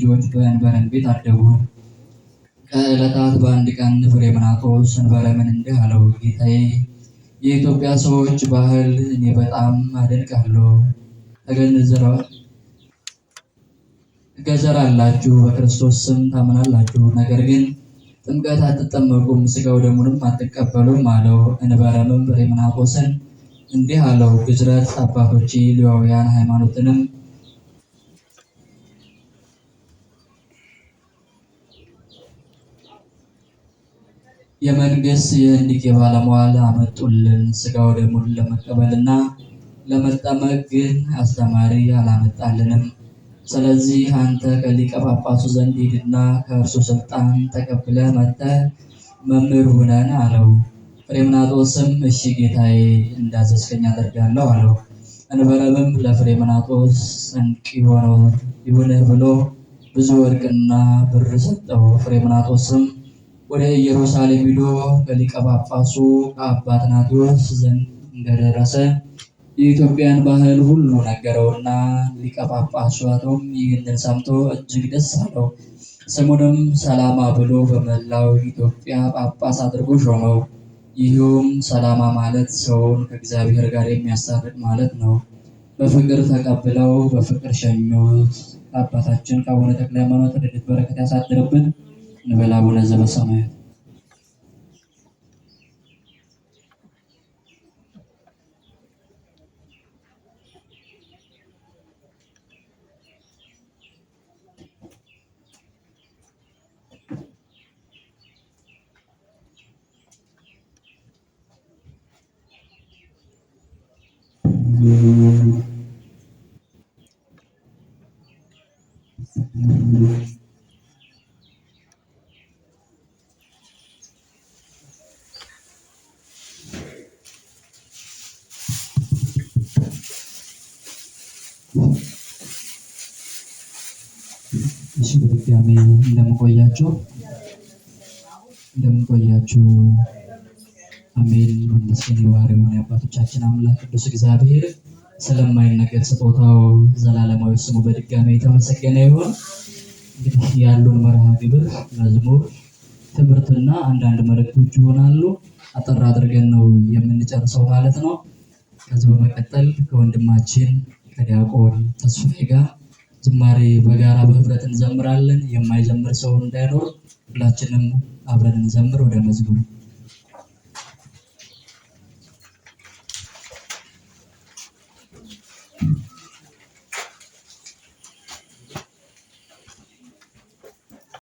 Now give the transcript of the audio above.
ልጆች በእንበረን ቤት አደጉ። ከዕለታት በአንድ ቀን ፍሬምናጦስ እንበረምን እንዲህ አለው፣ ጌታዬ የኢትዮጵያ ሰዎች ባህል እኔ በጣም አደንቃለሁ። ትገዘራላችሁ፣ በክርስቶስ ስም ታምናላችሁ፣ ነገር ግን ጥምቀት አትጠመቁም፣ ስጋው ደሙንም አትቀበሉም አለው። እንበረምም ፍሬምናጦስን እንዲህ አለው፣ ግዝረት አባቶቼ ሌዋውያን ሃይማኖትንም የመንግስት የህንዲቄ ባለመዋል አመጡልን። ስጋው ደሙን ለመቀበልና ለመጠመቅ ግን አስተማሪ አላመጣልንም። ስለዚህ አንተ ከሊቀ ጳጳሱ ዘንድ ሂድና ከእርሱ ስልጣን ተቀብለ መጥተህ መምህር ሁነን አለው። ፍሬምናጦስም እሺ ጌታዬ፣ እንዳዘዝከኝ አደርጋለሁ አለው። እንበረምም ለፍሬምናጦስ ስንቅ ይሆነው ይሁንህ ብሎ ብዙ ወርቅና ብር ሰጠው። ፍሬምናጦስም ወደ ኢየሩሳሌም ሂዶ ከሊቀ ጳጳሱ ከአባ ትናቴዎስ ዘንድ እንደደረሰ የኢትዮጵያን ባህል ሁሉ ነገረውና ሊቀ አቶም ይህንን ሰምቶ እጅግ ደስ አለው። ስሙንም ሰላማ ብሎ በመላው ኢትዮጵያ ጳጳስ አድርጎ ሾመው። ይህውም ሰላማ ማለት ሰውን ከእግዚአብሔር ጋር የሚያሳርቅ ማለት ነው። በፍቅር ተቀብለው በፍቅር ሸኙት። አባታችን ከአቡነ ተክለ ሃይማኖት ረድኤት በረከት ያሳድርብን። ለበላቡ ለዘበሰማያት Thank you. እሺ በድጋሚ እንደምቆያችሁ እንደምቆያችሁ አሜን። መንግስትን የባህር የሆነ የአባቶቻችን አምላክ ቅዱስ እግዚአብሔር ስለማይነገር ስጦታው ዘላለማዊ ስሙ በድጋሚ የተመሰገነ ይሁን። እንግዲህ ያሉን መርሃ ግብር መዝሙር፣ ትምህርትና አንዳንድ መልእክቶች ይሆናሉ። አጠር አድርገን ነው የምንጨርሰው ማለት ነው። ከዚህ በመቀጠል ከወንድማችን ከዲያቆን ተስፋዬ ጋር ዝማሬ በጋራ በህብረት እንዘምራለን። የማይዘምር ሰው እንዳይኖር ሁላችንም አብረን እንዘምር ወደ መዝሙር